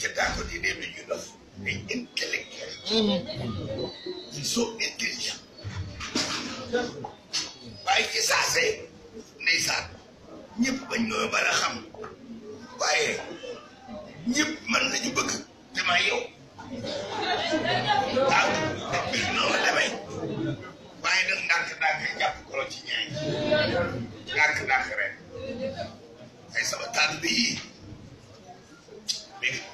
Cedaco di David Yunus is intellectual. Mm. He's so intelligent. waaye ci saase ndeysaan ñëpp bañ noo bala xam waaye ñëpp mën nañu bëgg dama yow waaw mbir noonu demee waaye nag ndànk ndànk jàpp kolo ci ñaay ndànk ndànk ren ay sama taal bi đi.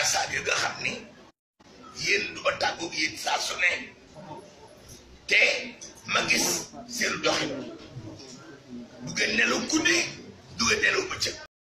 siyaasaan yu nga xam ni yéen du ma tàggoog yéen saa su ne te ma gis seen doxin du ngeen nelaw guddi du ngeen nelaw bëccëg